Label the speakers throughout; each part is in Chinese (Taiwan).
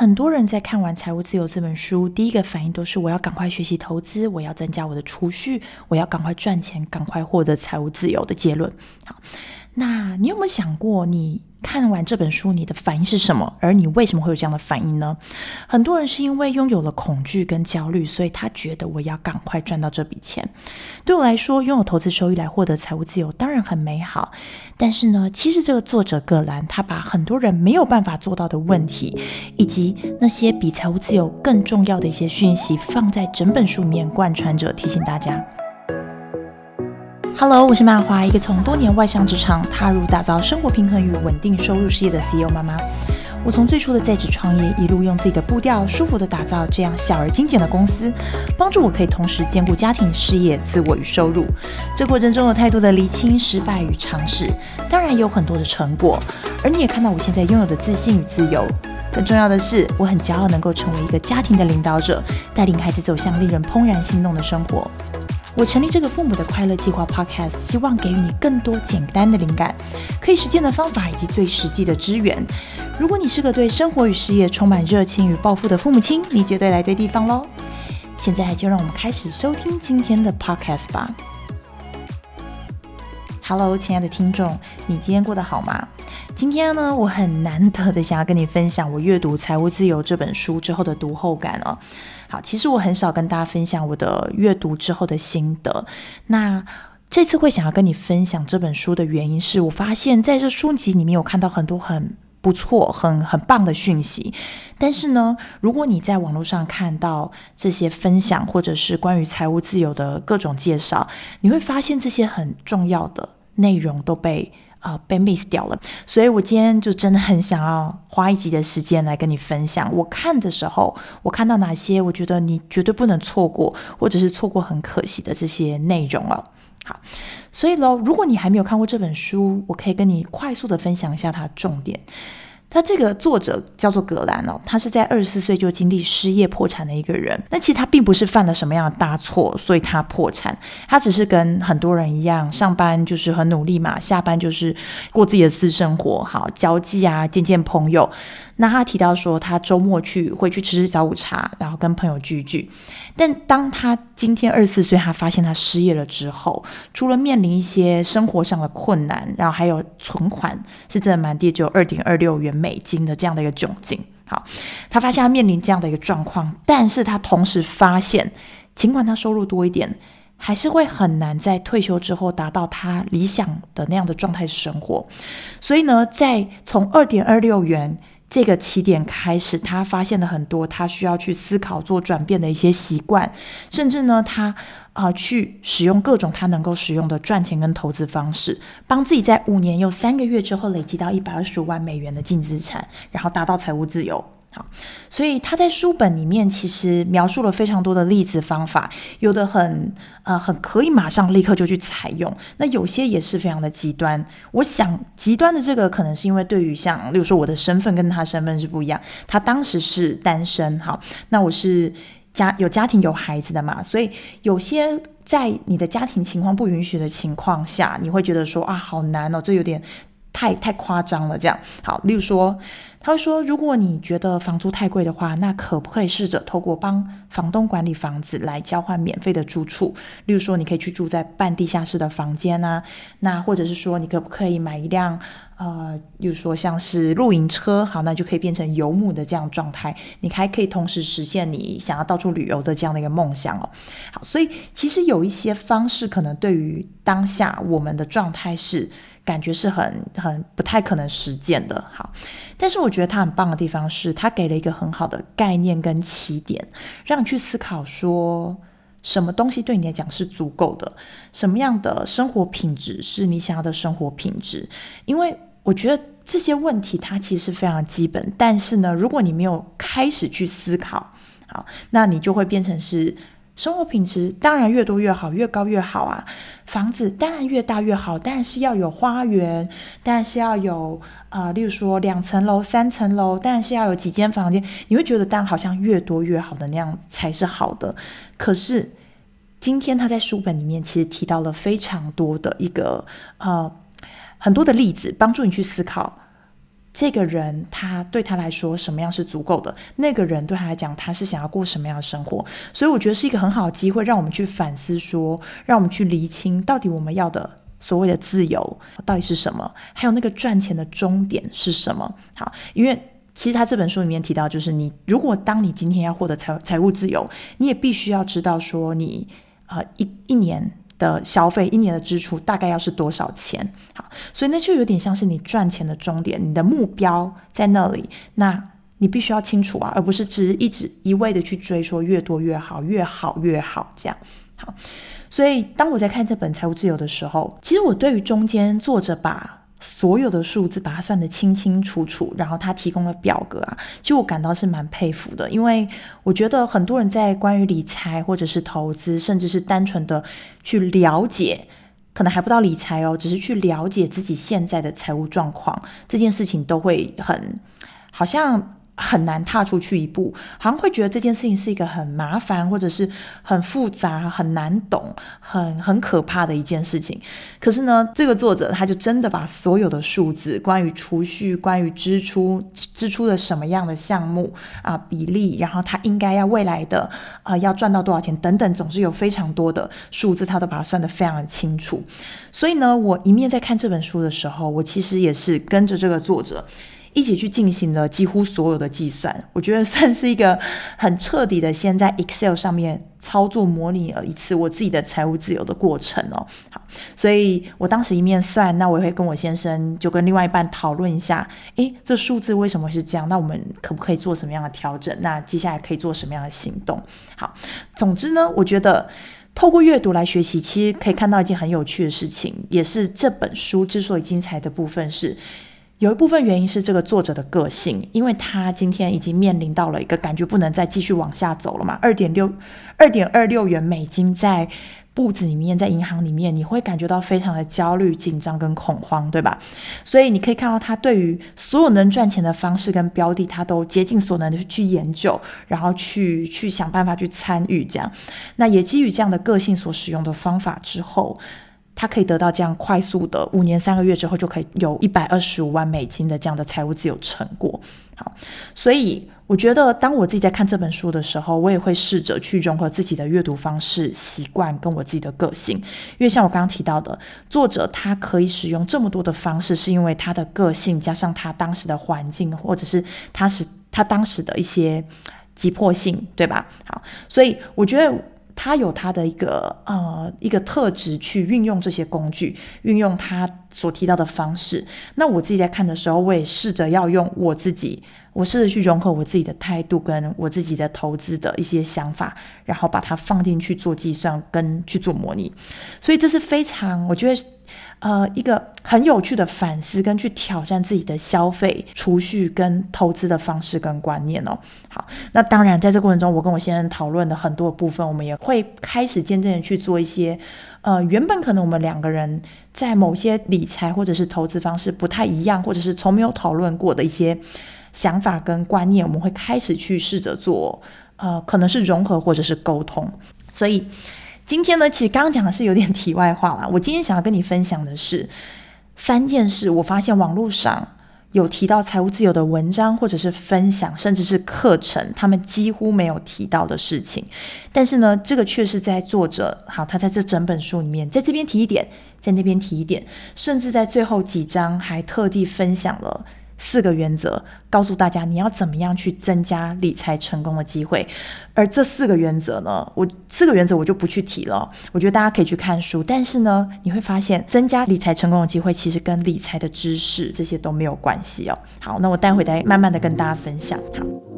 Speaker 1: 很多人在看完《財務自由》這本書，第一個反應都是：我要趕快學習投資，我要增加我的儲蓄，我要趕快賺錢，趕快獲得財務自由的結論。好。那你有沒有想過，你看完這本書，你的反應是什麼？而你為什麼會有這樣的反應呢？很多人是因為擁有了恐懼跟焦慮，所以他覺得我要趕快賺到這筆錢。對我來說，擁有投資收益來獲得財務自由當然很美好，但是呢，其實這個作者葛蘭他把很多人沒有辦法做到的問題，以及那些比財務自由更重要的一些訊息，放在整本書裡面貫穿着，提醒大家。Hello，我是曼華，一個從多年外向職場踏入打造生活平衡與穩定收入事業的 CEO 媽媽。我從最初的在職創業，一路用自己的步調，舒服地打造這樣小而精簡的公司，幫助我可以同時兼顧家庭、事業、自我與收入。這過程中有太多的釐清、失敗與嘗試，當然也有很多的成果。而你也看到我現在擁有的自信與自由。更重要的是，我很驕傲能夠成為一個家庭的領導者，帶領孩子走向令人怦然心動的生活。我成立這個父母的快樂計劃 Podcast，希望給予你更多簡單的靈感、可以實踐的方法以及最實際的資源。如果你是個對生活與事業充滿熱情與抱負的父母親，你絕對來對地方嘍！現在就讓我們開始收聽今天的 Podcast 吧。Hello，親愛的聽眾，你今天過得好嗎？今天呢，我很難得的想要跟你分享我閱讀《財務自由》這本書之後的讀後感哦。好，其實我很少跟大家分享我的閱讀之後的心得。那這次會想要跟你分享這本書的原因是，我發現在這書籍裡面有看到很多很不錯、很很棒的訊息。但是呢，如果你在網絡上看到這些分享，或者是關於財務自由的各種介紹，你會發現這些很重要的內容都被。啊，被、uh, miss 掉了，所以我今天就真的很想要花一集的時間來跟你分享，我看的時候，我看到哪些，我覺得你絕對不能錯過，或者是錯過很可惜的這些內容了。好，所以嘍，如果你還沒有看過這本書，我可以跟你快速的分享一下它的重點。他這個作者叫做葛蘭哦，他是在二十四歲就經歷失業破產的一個人。那其實他並不是犯了什麼樣的大錯，所以他破產。他只是跟很多人一樣，上班就是很努力嘛，下班就是過自己的私生活，好交際啊，見見朋友。那他提到說，他周末去會去吃吃小午茶，然後跟朋友聚聚。但當他今天二十四歲，他發現他失業了之後，除了面臨一些生活上的困難，然後還有存款是真的蠻低，只有二點二六元美金的這樣的一個窘境。好，他發現他面臨這樣的一個狀況，但是他同時發現，儘管他收入多一點，還是會很難在退休之後達到他理想的那樣的狀態生活。所以呢，在從二點二六元。這個起點開始，他發現了很多他需要去思考、做轉變的一些習慣，甚至呢，他啊、呃、去使用各種他能夠使用的賺錢跟投資方式，幫自己在五年又三個月之後累積到一百二十五萬美元的淨資產，然後達到財務自由。好，所以他在書本裡面其實描述了非常多的例子方法，有的很啊、呃，很可以馬上立刻就去採用，那有些也是非常的極端。我想極端的這個可能是因為對於像，例如說我的身份跟他身份是不一樣，他當時是單身，好，那我是家有家庭有孩子的嘛，所以有些在你的家庭情況不允許的情況下，你會覺得說啊好難哦，這有點。太太誇張了，這樣。好，例如說，他會說，如果你覺得房租太貴的話，那可不可以試着透過幫房東管理房子來交換免費的住處？例如說，你可以去住在半地下室的房間啊，那或者是說，你可不可以買一輛，呃，例如說像是露營車？好，那就可以變成游牧的這樣狀態。你還可以同時實現你想要到處旅遊的這樣的一個夢想哦。好，所以其實有一些方式，可能對於當下我們的狀態是。感覺是很很不太可能實踐的，好，但是我覺得它很棒的地方是，它給了一個很好的概念跟起點，讓你去思考說，什麼東西對你來講是足夠的，什麼樣的生活品質是你想要的生活品質，因為我覺得這些問題它其實是非常基本，但是呢，如果你沒有開始去思考，好，那你就會變成是。生活品質當然越多越好，越高越好啊！房子當然越大越好，當然是要有花園，當然是要有啊、呃、例如說兩層樓、三層樓，當然是要有幾間房間。你會覺得當然好像越多越好的那樣才是好的。可是今天他在書本裡面其實提到了非常多的一個呃很多的例子，幫助你去思考。這個人他對他來說什麼樣是足夠的？那個人對他來講，他是想要過什麼樣的生活？所以我覺得是一個很好的機會，讓我們去反思說，說讓我們去釐清，到底我們要的所謂的自由到底是什麼？還有那個賺錢的終點是什麼？好，因為其實他這本書裡面提到，就是你如果當你今天要獲得財財務自由，你也必須要知道說你啊、呃、一一年。的消費一年的支出大概要是多少錢？好，所以那就有點像是你賺錢的終點，你的目標在那裡，那你必須要清楚啊，而不是只一直一味的去追說越多越好，越好越好這樣。好，所以當我在看這本《財務自由》的時候，其實我對於中間作者吧，所有的數字把它算得清清楚楚，然後他提供了表格啊，其實我感到是蠻佩服的，因為我覺得很多人在關於理財或者是投資，甚至是單純的去了解，可能還不到理財哦，只是去了解自己現在的財務狀況這件事情，都會很好像。很難踏出去一步，好像會覺得這件事情是一個很麻煩，或者是很複雜、很難懂、很很可怕的一件事情。可是呢，這個作者他就真的把所有的數字，關於儲蓄、關於支出、支出的什麼樣的項目啊、呃、比例，然後他應該要未來的啊、呃、要賺到多少錢等等，總是有非常多的數字，他都把它算得非常的清楚。所以呢，我一面在看這本書的時候，我其實也是跟着這個作者。一起去進行了幾乎所有的計算，我覺得算是一個很徹底的，先在 Excel 上面操作模擬了一次我自己的財務自由的過程哦。好，所以我當時一面算，那我也會跟我先生就跟另外一半討論一下，誒，這數字為什麼會是這樣？那我們可不可以做什麼樣的調整？那接下來可以做什麼樣的行動？好，總之呢，我覺得透過閱讀來學習，其實可以看到一件很有趣的事情，也是這本書之所以精彩的部分是。有一部分原因是這個作者的個性，因為他今天已經面臨到了一個感覺不能再繼續往下走了嘛，二點六，二點二六元美金在步子裡面，在銀行裡面，你會感覺到非常的焦慮、緊張跟恐慌，對吧？所以你可以看到他對於所有能賺錢的方式跟標的，他都竭盡所能的去研究，然後去去想辦法去參與這樣。那也基於這樣的個性所使用的方法之後，他可以得到這樣快速的，五年三個月之後就可以有一百二十五萬美金的這樣的財務自由成果。好，所以我覺得，當我自己在看這本書的時候，我也會試着去融合自己的閱讀方式、習慣跟我自己的個性。因為像我剛剛提到的，作者他可以使用這麼多的方式，是因為他的個性加上他當時的環境，或者是他是他當時的一些急迫性，對吧？好，所以我覺得。他有他的一個呃一個特質去運用這些工具，運用他所提到的方式。那我自己在看的時候，我也試着要用我自己，我試着去融合我自己的態度跟我自己的投資的一些想法，然後把它放進去做計算跟去做模擬。所以這是非常，我覺得。呃，一個很有趣的反思，跟去挑戰自己的消費、儲蓄跟投資的方式跟觀念哦。好，那當然，在這過程中，我跟我先生討論的很多部分，我們也會開始漸漸的去做一些，呃，原本可能我們兩個人在某些理財或者是投資方式不太一樣，或者是從沒有討論過的一些想法跟觀念，我們會開始去試着做，呃，可能是融合或者是溝通。所以，今天呢，其實剛剛講的是有點題外話啦。我今天想要跟你分享的是三件事，我發現網絡上有提到財務自由的文章，或者是分享，甚至是課程，他們幾乎沒有提到的事情。但是呢，這個卻是在作者好，他在這整本書裡面，在這邊提一點，在那邊提一點，甚至在最後幾章還特地分享了。四個原則告訴大家你要怎麼樣去增加理財成功的機會，而這四個原則呢，我四個原則我就不去提了，我覺得大家可以去看書，但是呢，你會發現增加理財成功的機會其實跟理財的知識這些都沒有關係哦。好，那我待會再慢慢的跟大家分享。好。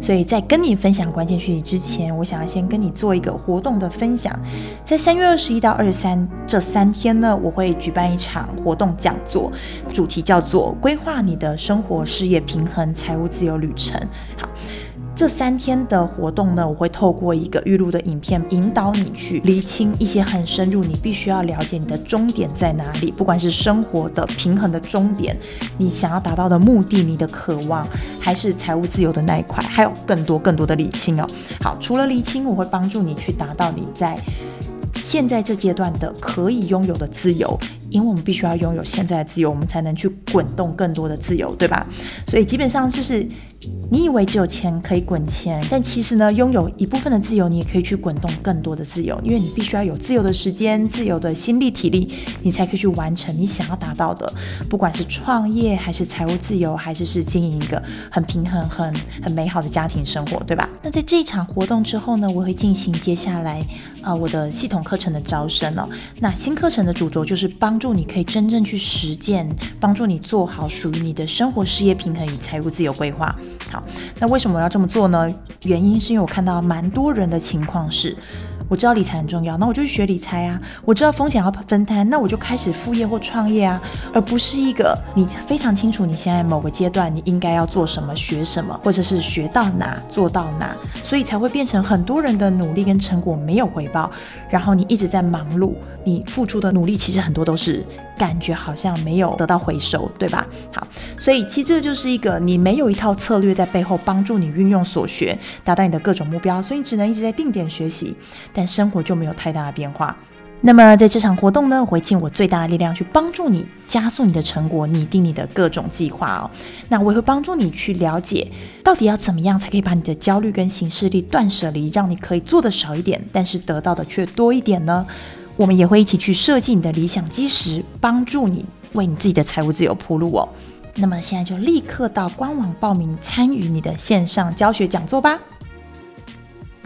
Speaker 1: 所以在跟你分享關鍵訊息之前，我想要先跟你做一個活動的分享。在三月二十一到二十三這三天呢，我會舉辦一場活動講座，主題叫做“規劃你的生活事業平衡財務自由旅程”。好。這三天的活動呢，我會透過一個預錄的影片，引導你去釐清一些很深入，你必須要了解你的終點在哪裡，不管是生活的平衡的終點，你想要達到的目的，你的渴望，還是財務自由的那一塊，還有更多更多的理清哦。好，除了理清，我會幫助你去達到你在現在這階段的可以擁有的自由，因為我們必須要擁有現在的自由，我們才能去滾動更多的自由，對吧？所以基本上就是。你以為只有錢可以滾錢，但其實呢，擁有一部分的自由，你也可以去滾動更多的自由，因為你必須要有自由的時間、自由的心力、體力，你才可以去完成你想要達到的，不管是創業，還是財務自由，還是是經營一個很平衡、很很美好的家庭生活，對吧？那在這一場活動之後呢，我會進行接下來啊、呃、我的系統課程的招生哦。那新課程的主軸就是幫助你可以真正去實踐，幫助你做好屬於你的生活、事業平衡與財務自由規劃。好，那為什麼我要這麼做呢？原因是因為我看到蠻多人的情況是。我知道理財很重要，那我就去學理財啊。我知道風險要分攤，那我就開始副業或創業啊，而不是一個你非常清楚你現在某個階段你應該要做什麼、學什麼，或者是學到哪做到哪，所以才會變成很多人的努力跟成果沒有回報。然後你一直在忙碌，你付出的努力其實很多都是感覺好像沒有得到回收，對吧？好，所以其實這就是一個你沒有一套策略在背後幫助你運用所學，達到你的各種目標，所以你只能一直在定點學習。但生活就沒有太大的變化。那麼，在這場活動呢，我會盡我最大的力量去幫助你，加速你的成果，擬定你的各種計劃哦。那我也會幫助你去了解，到底要怎麼樣才可以把你的焦慮跟行事曆斷捨離，讓你可以做的少一點，但是得到的卻多一點呢？我們也會一起去設計你的理想基石，幫助你為你自己的財務自由鋪路哦。那麼，現在就立刻到官網報名參與你的線上教學講座吧。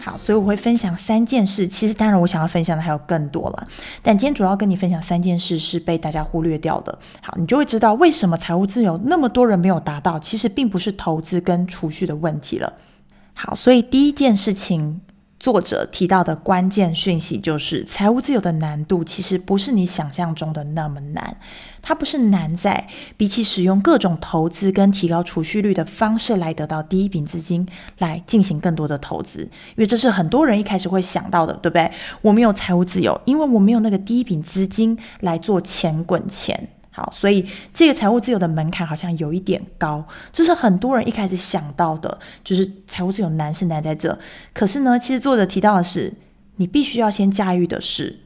Speaker 1: 好，所以我會分享三件事。其實，當然我想要分享的還有更多了，但今天主要跟你分享三件事是被大家忽略掉的。好，你就會知道為什麼財務自由那麼多人沒有達到，其實並不是投資跟儲蓄的問題了。好，所以第一件事情。作者提到的關鍵訊息就是，財務自由的難度其實不是你想象中的那麼難。它不是難在比起使用各種投資跟提高儲蓄率的方式來得到第一筆資金來進行更多的投資，因為這是很多人一開始會想到的，對不對？我沒有財務自由，因為我沒有那個第一筆資金來做錢滾錢。好，所以這個財務自由的門檻好像有一點高，這是很多人一開始想到的，就是財務自由難是難在這。可是呢，其實作者提到的是，你必須要先駕馭的是，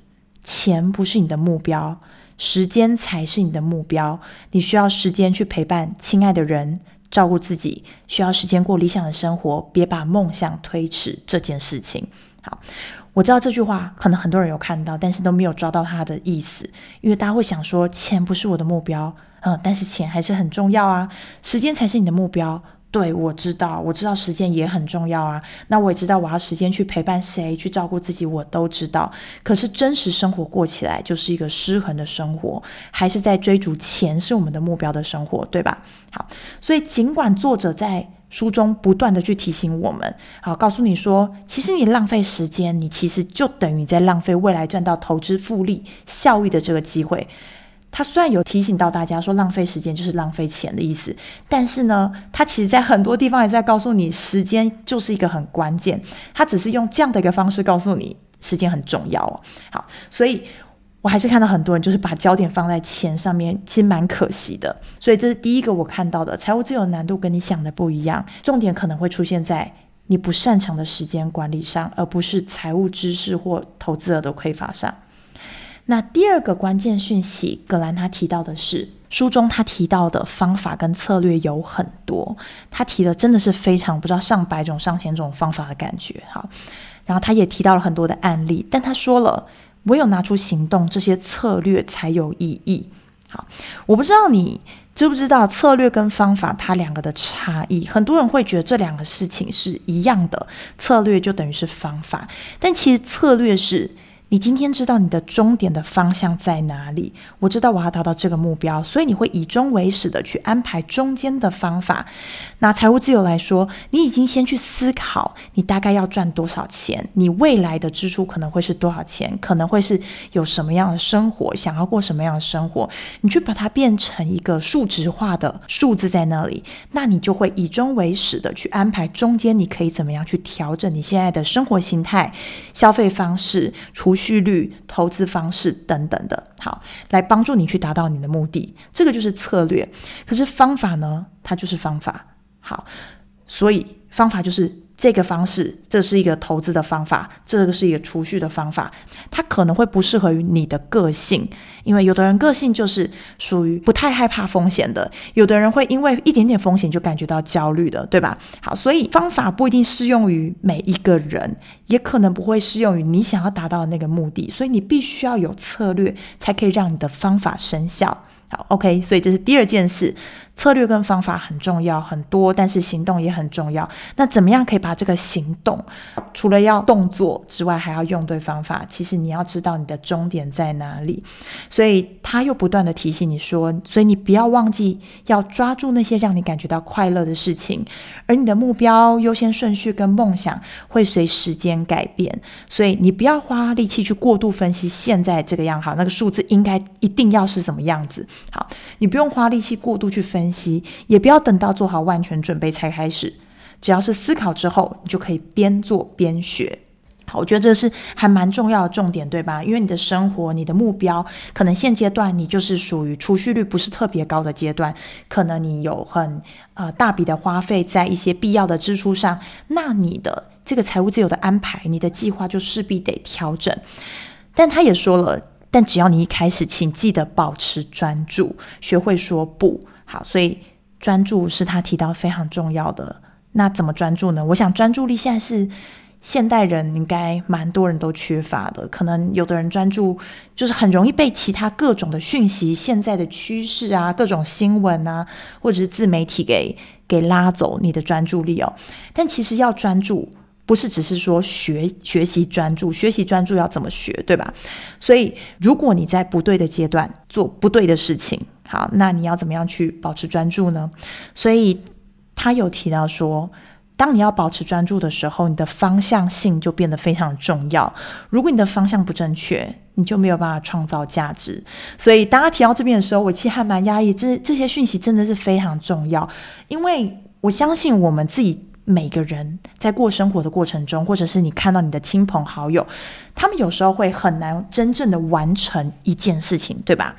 Speaker 1: 錢不是你的目標，時間才是你的目標。你需要時間去陪伴親愛的人，照顧自己，需要時間過理想的生活，別把夢想推遲這件事情。好。我知道這句話可能很多人有看到，但是都沒有抓到它的意思，因為大家會想說錢不是我的目標，嗯，但是錢還是很重要啊。時間才是你的目標，對，我知道，我知道時間也很重要啊。那我也知道我要時間去陪伴誰，去照顧自己，我都知道。可是真實生活過起來就是一個失衡的生活，還是在追逐錢是我們的目標的生活，對吧？好，所以儘管作者在。書中不斷地去提醒我們，好，告訴你說，其實你浪費時間，你其實就等於在浪費未來賺到投資複利效益的這個機會。他雖然有提醒到大家說浪費時間就是浪費錢的意思，但是呢，他其實在很多地方也在告訴你，時間就是一個很關鍵。他只是用這樣的一個方式告訴你，時間很重要啊。好，所以。我還是看到很多人就是把焦點放在錢上面，其實蠻可惜的。所以這是第一個我看到的財務自由難度跟你想的不一樣，重點可能會出現在你不擅長的時間管理上，而不是財務知識或投資額的匱乏上。那第二個關鍵訊息，葛蘭他提到的是，書中他提到的方法跟策略有很多，他提的真的是非常不知道上百種上千種方法的感覺。好，然後他也提到了很多的案例，但他說了。唯有拿出行動，這些策略才有意義。好，我不知道你知不知道策略跟方法它兩個的差異。很多人會覺得這兩個事情是一樣的，策略就等於是方法，但其實策略是。你今天知道你的終點的方向在哪裡，我知道我要達到這個目標，所以你會以終為始的去安排中間的方法。拿財務自由來說，你已經先去思考你大概要賺多少錢，你未來的支出可能會是多少錢，可能會是有什麼樣的生活，想要過什麼樣的生活，你去把它變成一個數值化的數字在那裡，那你就會以終為始的去安排中間，你可以怎麼樣去調整你現在的生活心態、消費方式、除。利率、投資方式等等的，好，來幫助你去達到你的目的，這個就是策略。可是方法呢？它就是方法。好，所以方法就是。這個方式，這是一個投資的方法，這個是一個儲蓄的方法，它可能會不適合於你的個性，因為有的人個性就是屬於不太害怕風險的，有的人會因為一點點風險就感覺到焦慮的，對吧？好，所以方法不一定適用於每一個人，也可能不會適用於你想要達到的那個目的，所以你必須要有策略，才可以讓你的方法生效。好，OK，所以這是第二件事。策略跟方法很重要，很多，但是行動也很重要。那怎麼樣可以把這個行動，除了要動作之外，還要用對方法？其實你要知道你的終點在哪裡。所以他又不斷的提醒你說，所以你不要忘記要抓住那些讓你感覺到快樂的事情。而你的目標優先順序跟夢想會隨時間改變，所以你不要花力氣去過度分析現在這個樣好，那個數字應該一定要是什麼樣子。好，你不用花力氣過度去分析。分析，也不要等到做好萬全準備才開始，只要是思考之後，你就可以邊做邊學。好，我覺得這是還蠻重要的重點，對吧？因為你的生活、你的目標，可能現階段你就是屬於儲蓄率不是特別高的階段，可能你有很呃大筆的花費在一些必要的支出上，那你的這個財務自由的安排，你的計劃就勢必得調整。但他也說了，但只要你一開始，請記得保持專注，學會說不。好，所以專注是他提到非常重要的。那怎麼專注呢？我想專注力現在是現代人應該蠻多人都缺乏的。可能有的人專注就是很容易被其他各種的訊息、現在的趨勢啊、各種新聞啊，或者是自媒體給給拉走你的專注力哦。但其實要專注，不是只是說學學習專注，學習專注要怎麼學，對吧？所以如果你在不對的階段做不對的事情，好，那你要怎麼樣去保持專注呢？所以他有提到說，當你要保持專注的時候，你的方向性就變得非常重要。如果你的方向不正確，你就沒有辦法創造價值。所以，當他提到這邊的時候，我其實還蠻壓抑。這這些訊息真的是非常重要，因為我相信我們自己每個人在過生活的過程中，或者是你看到你的親朋好友，他們有時候會很難真正的完成一件事情，對吧？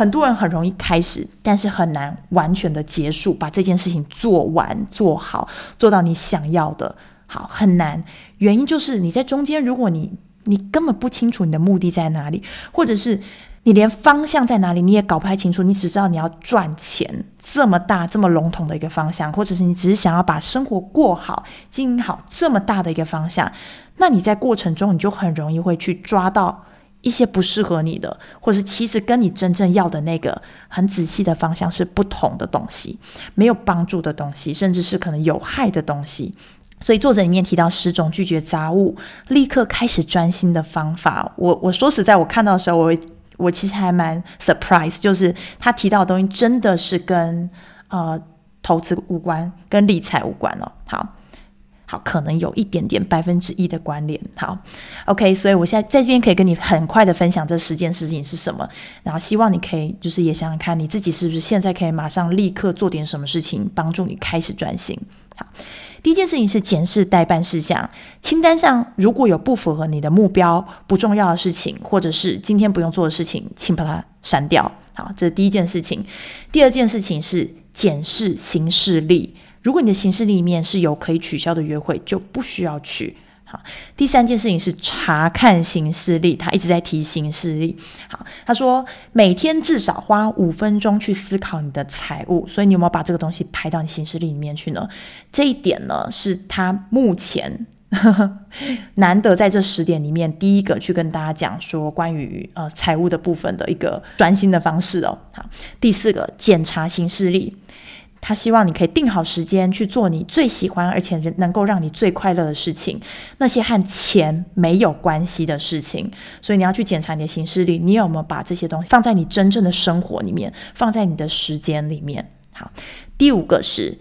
Speaker 1: 很多人很容易開始，但是很難完全的結束，把這件事情做完做好，做到你想要的，好很難。原因就是你在中間，如果你你根本不清楚你的目的在哪裡，或者是你連方向在哪裡你也搞不太清楚，你只知道你要賺錢，這麼大這麼籠統的一個方向，或者是你只是想要把生活過好、經營好這麼大的一個方向，那你在過程中你就很容易會去抓到，一些不適合你的，或是其實跟你真正要的那個很仔細的方向是不同的東西，沒有幫助的東西，甚至是可能有害的東西。所以作者裡面提到十種拒絕雜物，立刻開始專心的方法。我我說實在，我看到的時候，我我其實還蠻 surprise，就是他提到的東西真的是跟呃投資無關，跟理財無關了，哦。好。好，可能有一點點百分之一的關聯。好，OK，所以我現在在這邊可以跟你很快的分享這十件事情是什麼。然後希望你可以就是也想想看，你自己是不是現在可以馬上立刻做點什麼事情，幫助你開始轉型。好，第一件事情是檢視待辦事項清單上，如果有不符合你的目標、不重要的事情，或者是今天不用做的事情，請把它刪掉。好，這是第一件事情。第二件事情是檢視行事曆如果你的行事曆裡面是有可以取消的約會，就不需要去。好，第三件事情是查看行事曆，他一直在提行事曆。好，他說每天至少花五分鐘去思考你的財務，所以你有沒有把這個東西排到你行事曆裡面去呢？這一點呢，是他目前，呵呵，難得在這十點裡面第一個去跟大家講說關於呃財務的部分的一個專心的方式哦。好，第四個，檢查行事曆。他希望你可以定好時間去做你最喜歡而且能夠讓你最快樂的事情，那些和錢沒有關係的事情。所以你要去檢查你的行事曆，你有沒有把這些東西放在你真正的生活裡面，放在你的時間裡面。好，第五個是，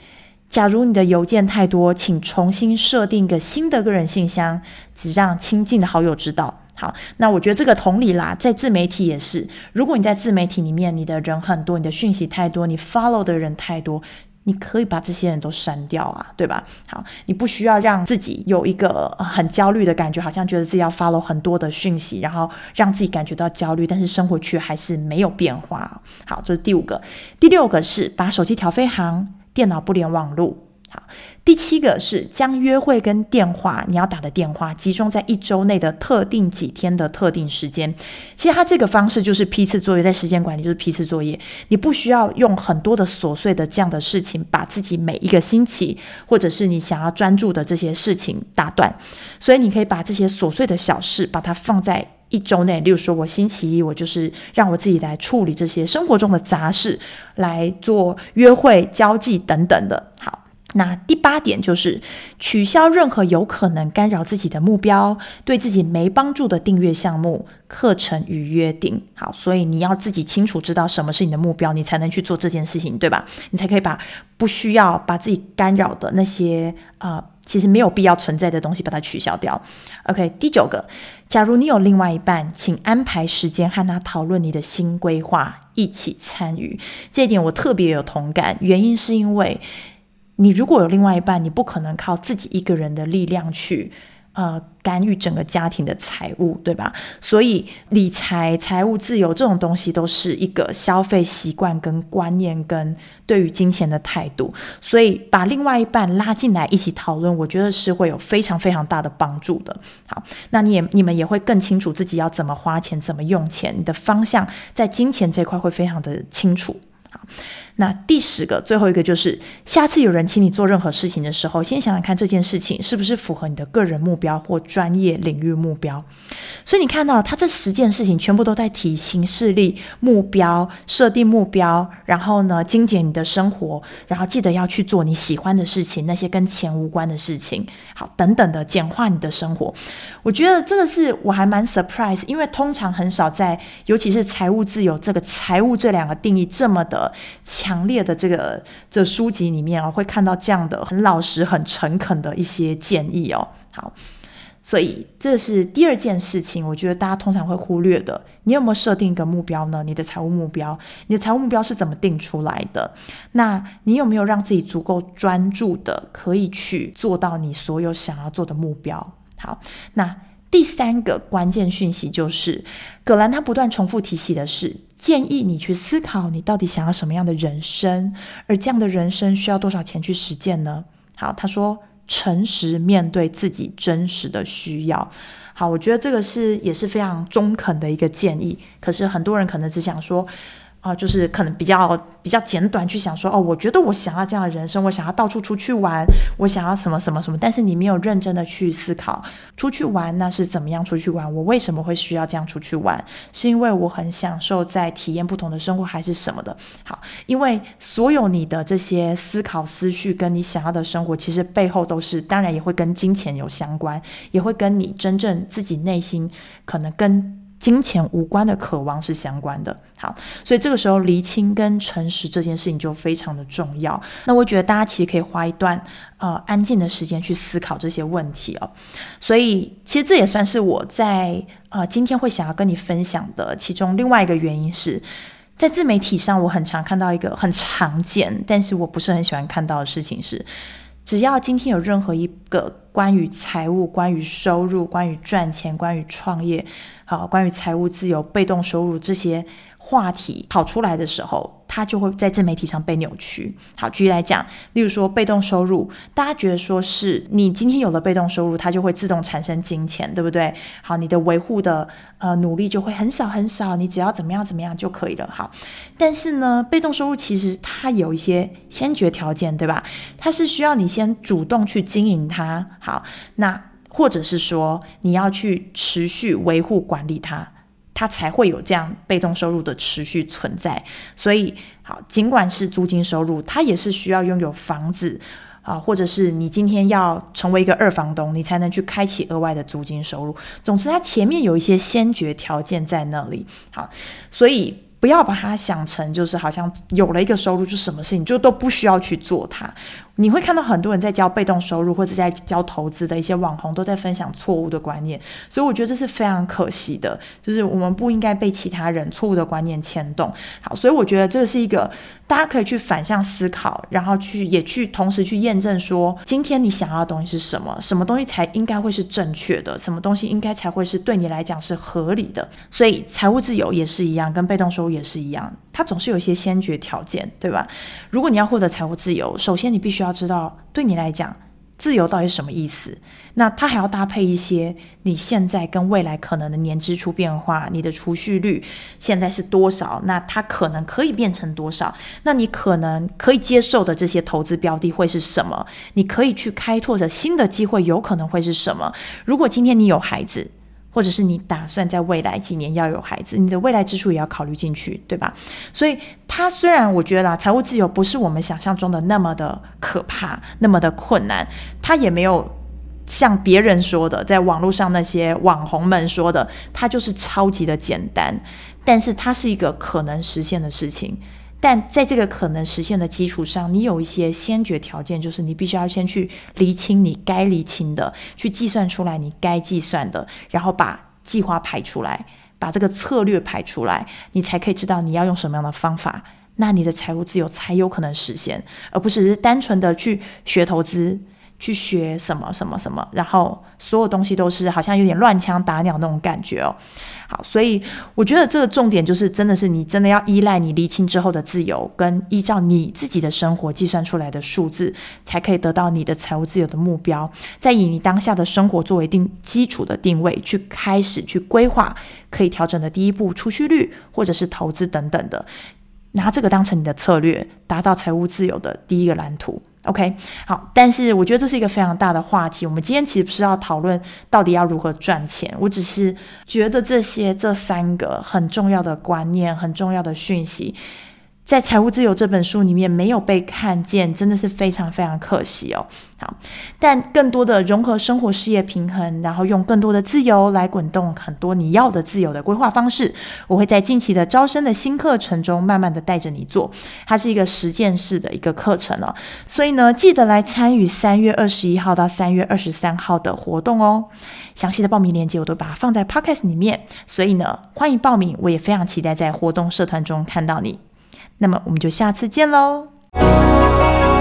Speaker 1: 假如你的郵件太多，請重新設定一個新的個人信箱，只讓親近的好友知道。好，那我覺得這個同理啦，在自媒體也是。如果你在自媒體裡面，你的人很多，你的訊息太多，你 follow 的人太多，你可以把這些人都刪掉啊，對吧？好，你不需要讓自己有一個很焦慮的感覺，好像覺得自己要 follow 很多的訊息，然後讓自己感覺到焦慮，但是生活卻還是沒有變化。好，這是第五個，第六個是把手機調飛行，電腦不連網路。好，第七個是將約會跟電話，你要打的電話集中在一周內的特定幾天的特定時間。其實它這個方式就是批次作業，在時間管理就是批次作業。你不需要用很多的瑣碎的這樣的事情，把自己每一個星期或者是你想要專注的這些事情打斷。所以你可以把這些瑣碎的小事，把它放在一周內。例如說，我星期一我就是讓我自己來處理這些生活中的雜事，來做約會、交際等等的。好。那第八點就是取消任何有可能干擾自己的目標，對自己沒幫助的訂閱項目、課程與約定。好，所以你要自己清楚知道什麼是你的目標，你才能去做這件事情，對吧？你才可以把不需要把自己干擾的那些啊、呃，其實沒有必要存在的東西把它取消掉。OK，第九個，假如你有另外一半，請安排時間和他討論你的新規劃，一起參與。這一點我特別有同感，原因是因為。你如果有另外一半，你不可能靠自己一個人的力量去呃干預整個家庭的財務，對吧？所以理財、財務自由這種東西都是一個消費習慣、跟觀念、跟對於金錢的態度。所以把另外一半拉進來一起討論，我覺得是會有非常非常大的幫助的。好，那你也你們也會更清楚自己要怎麼花錢、怎麼用錢，你的方向在金錢這塊會非常的清楚。好。那第十個，最後一個就是，下次有人請你做任何事情的時候，先想想看這件事情是不是符合你的個人目標或專業領域目標。所以你看到他這十件事情，全部都在提行事曆、目標設定、目標，然後呢，精簡你的生活，然後記得要去做你喜歡的事情，那些跟錢無關的事情，好，等等的簡化你的生活。我覺得這個是我還蠻 surprise，因為通常很少在，尤其是財務自由這個財務這兩個定義這麼的強。強烈的這個這個書籍裡面啊，哦，會看到這樣的很老實、很誠懇的一些建議哦。好，所以這是第二件事情，我覺得大家通常會忽略的。你有沒有設定一個目標呢？你的財務目標，你的財務目標是怎麼定出來的？那你有沒有讓自己足夠專注的，可以去做到你所有想要做的目標？好，那。第三個關鍵訊息就是，葛蘭他不斷重複提起的是，建議你去思考你到底想要什麼樣的人生，而這樣的人生需要多少錢去實踐呢？好，他說誠實面對自己真實的需要。好，我覺得這個是也是非常中肯的一個建議。可是很多人可能只想說。啊、呃，就是可能比較比較簡短，去想說哦，我覺得我想要這樣的人生，我想要到處出去玩，我想要什麼什麼什麼。但是你沒有認真的去思考，出去玩那是怎麼樣出去玩？我為什麼會需要這樣出去玩？是因為我很享受在體驗不同的生活，還是什麼的？好，因為所有你的這些思考思緒，跟你想要的生活，其實背後都是，當然也會跟金錢有相關，也會跟你真正自己內心可能跟。金錢無關的渴望是相關的，好，所以這個時候釐清跟誠實這件事情就非常的重要。那我覺得大家其實可以花一段呃安靜的時間去思考這些問題哦。所以其實這也算是我在呃今天會想要跟你分享的其中另外一個原因，是在自媒體上，我很常看到一個很常見，但是我不是很喜歡看到的事情是。只要今天有任何一個關於財務、關於收入、關於賺錢、關於創業、好、關於財務自由、被動收入這些話題跑出來的時候，它就會在自媒體上被扭曲。好，舉例來講，例如說被動收入，大家覺得說是你今天有了被動收入，它就會自動產生金錢，對不對？好，你的維護的呃努力就會很少很少，你只要怎麼樣怎麼樣就可以了。好，但是呢，被動收入其實它有一些先決條件，對吧？它是需要你先主動去經營它。好，那或者是說你要去持續維護管理它。它才會有這樣被動收入的持續存在，所以好，儘管是租金收入，它也是需要擁有房子啊，、呃，或者是你今天要成為一個二房東，你才能去開啟額外的租金收入。總之，它前面有一些先決條件在那裡。好，所以不要把它想成就是好像有了一個收入就什麼事情就都不需要去做它。你會看到很多人在教被動收入，或者在教投資的一些網紅都在分享錯誤的觀念，所以我覺得這是非常可惜的，就是我們不應該被其他人錯誤的觀念牽動。好，所以我覺得這是一個大家可以去反向思考，然後去也去同時去驗證說，今天你想要的東西是什麼，什麼東西才應該會是正確的，什麼東西應該才會是對你來講是合理的。所以財務自由也是一樣，跟被動收入也是一樣。它總是有一些先決條件，對吧？如果你要獲得財務自由，首先你必須要知道，對你來講，自由到底是什麼意思？那它還要搭配一些你現在跟未來可能的年支出變化，你的儲蓄率現在是多少？那它可能可以變成多少？那你可能可以接受的這些投資標的會是什麼？你可以去開拓的新的機會有可能會是什麼？如果今天你有孩子，或者是你打算在未來幾年要有孩子，你的未來支出也要考慮進去，對吧？所以它雖然我覺得啦，財務自由不是我們想象中的那麼的可怕，那麼的困難，它也沒有像別人說的，在網絡上那些網紅們說的，它就是超級的簡單。但是它是一個可能實現的事情。但在這個可能實現的基礎上，你有一些先決條件，就是你必須要先去釐清你該釐清的，去計算出來你該計算的，然後把計劃排出來，把這個策略排出來，你才可以知道你要用什麼樣的方法，那你的財務自由才有可能實現，而不是單純的去學投資。去學什麼什麼什麼，然後所有東西都是好像有點亂槍打鳥那種感覺哦。好，所以我覺得這個重點就是，真的是你真的要依賴你理清之後的自由，跟依照你自己的生活計算出來的數字，才可以得到你的財務自由的目標。再以你當下的生活作為一定基礎的定位，去開始去規劃可以調整的第一步儲蓄率，或者是投資等等的。拿這個當成你的策略，達到財務自由的第一個藍圖。OK，好，但是我覺得這是一個非常大的話題。我們今天其實不是要討論到底要如何賺錢，我只是覺得這些這三個很重要的觀念、很重要的訊息。在《財務自由》這本書裡面沒有被看見，真的是非常非常可惜哦。好，但更多的融合生活、事業平衡，然後用更多的自由來滾動很多你要的自由的規劃方式，我會在近期的招生的新課程中慢慢的帶着你做，它是一個實踐式的一個課程哦。所以呢，記得來參與三月二十一號到三月二十三號的活動哦。詳細的報名鏈接我都把它放在 Podcast 裡面，所以呢，歡迎報名，我也非常期待在活動社團中看到你。那麼，我們就下次見嘍。